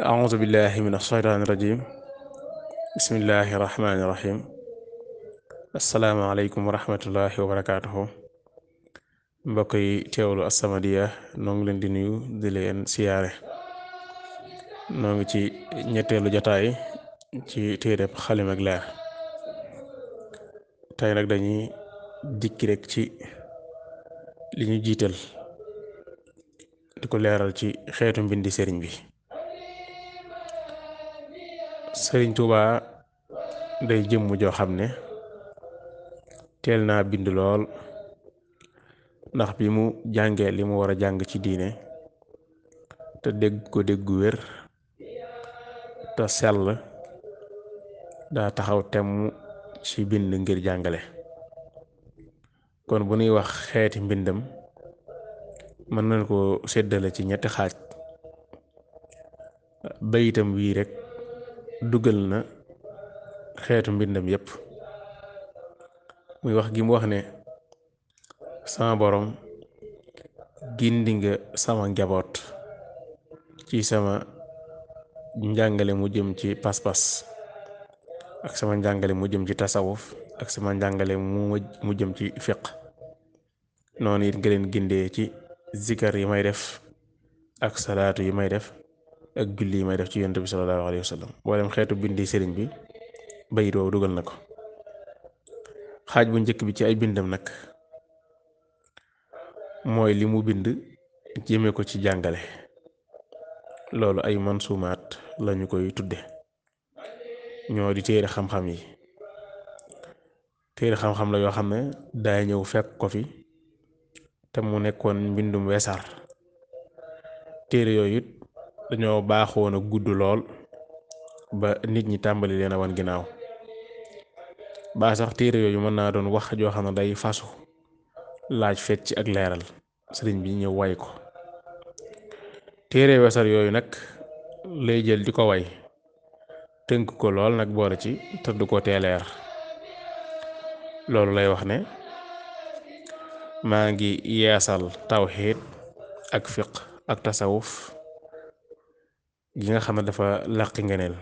أعوذ بالله من الشيطان الرجيم بسم الله الرحمن الرحيم السلام عليكم ورحمة الله وبركاته mbokk yi teewlu As-Samadiyya noo ngi leen di nuyu di leen siyaare noo ngi ci ñetteelu jataay ci téereb Xalimag Leer tey nag dañuy dikki rek ci liñu ñu jiital di ko leeral ci xeetu mbindi sëriñ bi sëriñ Tuubaa day jëmm joo xam ne teel naa bind lool ndax bi mu jàngee li mu war a jàng ci diine te dégg ko déggu wér te sell daa taxaw temm ci bind ngir jàngale kon bu nuy wax xeeti mbindam mën nañ ko seddale ci ñetti xaaj bayitam wii rekk dugal na xeetu mbindam yépp muy wax gi mu wax ne sama borom gindi nga sama njaboot ci sama njàngale mu jëm ci pas-pas ak sama njàngale mu jëm ci tasawuf ak sama njàngale mu jëm ci fiq noonu it nga leen gindee ci zikar yi may def ak salaatu yi may def ak julli may def ci yonent bi sallallahu alayhi wa sallam mboolem xeetu bindi sëriñ bi bayit woowu dugal na ko xaaj bu njëkk bi ci ay bindam nag mooy li mu bind jëme ko ci jàngale loolu ay mansumaat lañu koy tudde ñoo di téere xam-xam yi téere xam-xam la yoo xam ne daay ñëw fekk ko fi te mu nekkoon mbindum weesaar téere yooyu dañoo baaxoon a gudd lool ba nit ñi tàmbali leen a wan ginnaaw ba sax téere yooyu mën naa doon wax joo xam ne day fasu laaj fecc ak leeral sëriñ bi ñëw way ko téere wesar yooyu nag lay jël di ko way tënk ko lool nag boole ci tëdd ko teeleer loolu lay wax ne maa ngi yeesal tawxiid ak fiq ak tasawuf gi nga xam ne dafa làqi ngeneel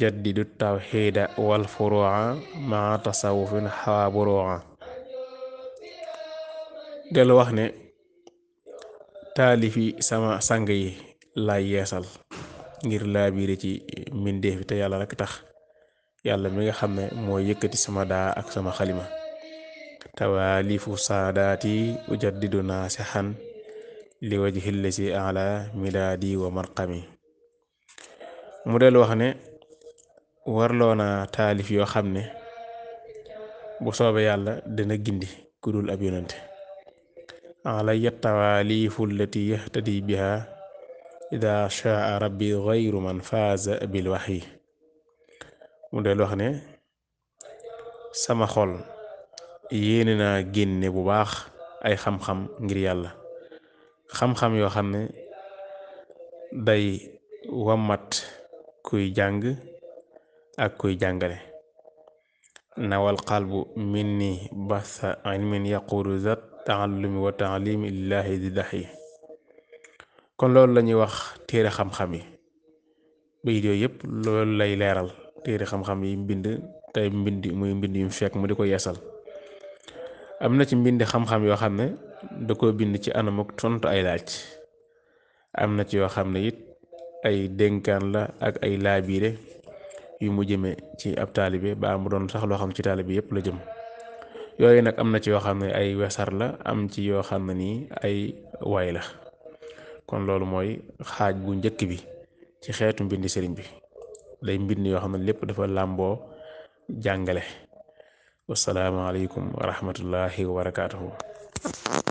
jaddidu tawxiida wal furuuca maa tasawufin xawaa buruuca dellu wax ne taalifi sama sang yi laay yeesal ngir laa ci mbindeef bi te yàlla rek tax yàlla mi nga xam ne moo yëkkati sama daa ak sama xalima tawaalifu saadaati ujaddidu naasixan li wajhi llasi ala midaadi wa marqami mu del wax ne warloona taalif yoo xam ne bu soobe yàlla dana gindi ku dul ab yonante alaya tawaalifu allati yahtadi biha ida shaa rabbi gayru man faaza bil waxyi mu del wax ne sama xol yéene naa génne bu baax ay xam-xam ngir yàlla xam-xam yoo xam ne day wammat kuy jàng ak kuy jàngale nawal qalbu minni basa ilmin yaqulu zat taallumi wa taalimi lillahi di daxi kon loolu lañuy wax téere xam-xam yi bayit yooyu yëpp loolu lay leeral téere xam-xam yi mbind tey mbind muy mbind yu mu fekk mu di ko yeesal am na ci mbind xam-xam yoo xam ne da ko bind ci anam ak tontu ay laaj am na ci yoo xam ne it ay dénkaan la ak ay laabiire yu mu jëmee ci ab taalibe ba mu doon sax loo xam ci taalibe yépp la jëm yooyu nag am na ci yoo xam ne ay wesar la am ci yoo xam ne nii ay way la kon loolu mooy xaaj bu njëkk bi ci xeetu mbind sëriñ bi day mbind yoo xam ne lépp dafa làmboo jàngale wasalaamaaleykum wa rahmatullahi wa